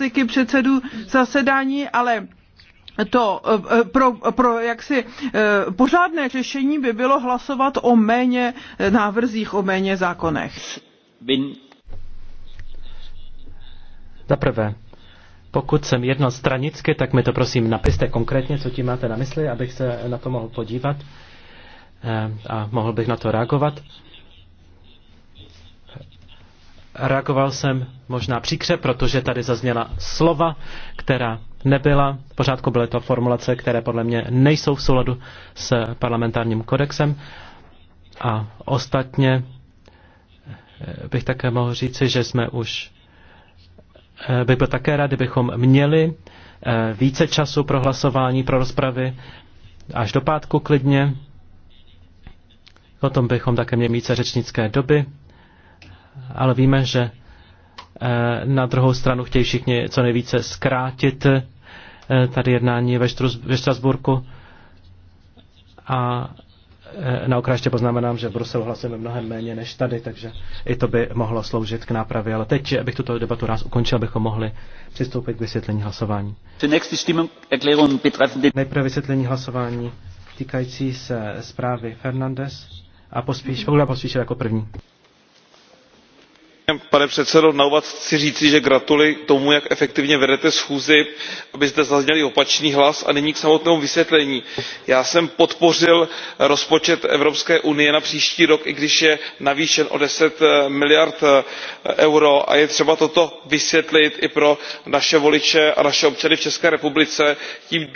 styky předsedů zasedání, ale to eh, eh, pro, pro jaksi eh, pořádné řešení by bylo hlasovat o méně návrzích, o méně zákonech. Za prvé, pokud jsem jednostranicky, tak mi to prosím napište konkrétně, co tím máte na mysli, abych se na to mohl podívat a mohl bych na to reagovat. Reagoval jsem možná příkře, protože tady zazněla slova, která nebyla. V pořádku byly to formulace, které podle mě nejsou v souladu s parlamentárním kodexem. A ostatně eh, bych také mohl říci, že jsme už, eh, bych byl také rád, kdybychom měli eh, více času pro hlasování, pro rozpravy, až do pátku klidně. O tom bychom také měli více řečnické doby ale víme, že eh, na druhou stranu chtějí všichni co nejvíce zkrátit eh, tady jednání ve, Štrus- ve Štrasburku. A eh, na okraště poznamenám, že v Bruselu hlasujeme mnohem méně než tady, takže i to by mohlo sloužit k nápravě. Ale teď bych tuto debatu ráz ukončil, abychom mohli přistoupit k vysvětlení hlasování. Nejprve vysvětlení hlasování týkající se zprávy Fernandez a pospíš, Paula pospíšil jako první pane předsedající na úvod chci říci že gratuluji k tomu jak efektivně vedete schůzi aby zde zazněl i opačný hlas. a nyní k samotnému vysvětlení. já jsem podpořil rozpočet evropské unie na příští rok i když je navýšen o ten eh, miliard eh, eur a je třeba toto vysvětlit i pro naše voliče a naše občany v české republice. tím